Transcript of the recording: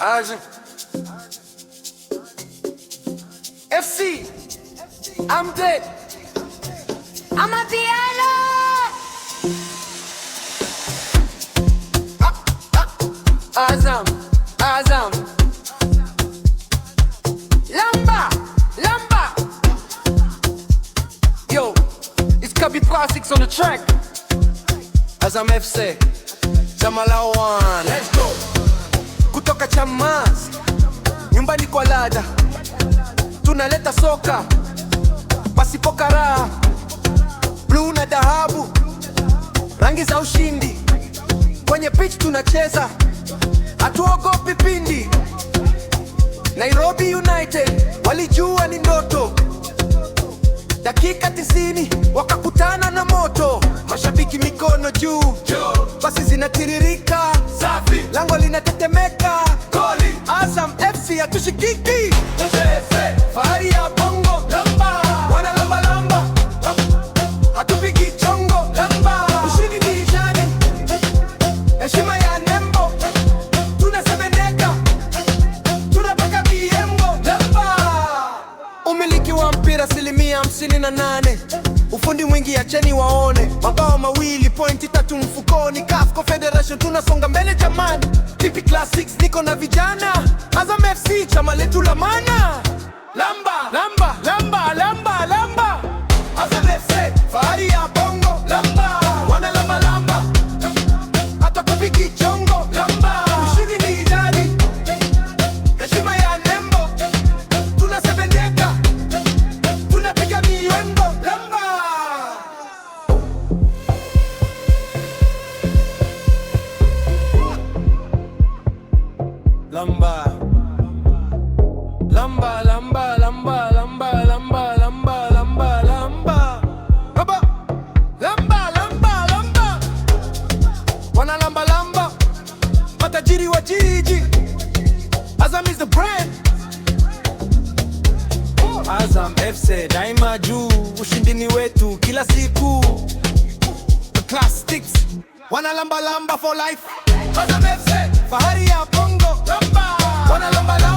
Urgent. FC. I'm dead. I'm a piano. Ah, ah. Azam. Azam. Lamba. Lamba. Yo, it's Cubby Plastics on the track. Azam FC. Jamal one. Let's go. kutoka Chamazi, nyumbani kwa lada, tunaleta soka pasipokaraha karaha, bluu na dhahabu, rangi za ushindi. Kwenye pitch tunacheza, hatuogopi pindi. Nairobi United walijua ni ndoto, dakika tisini wakakutana na moto. Mashabiki mikono juu, basi zinatiririka, lango linatetemeka. Mshikiki ya bongo wa mpira asilimia hamsini ufundi mwingi, acheni waone, mabao mawili pointi tatu mfukoni. CAF Confederation tunasonga mbele jamani, TP Classics niko na vijana Azam FC chama letu la mana. lamba lamba kijiji. Azam is the brand. Azam FC daima juu, ushindini wetu kila siku. The class sticks. Wana lamba lamba for life. Azam FC, fahari ya Bongo. Lamba. Wana lamba lamba.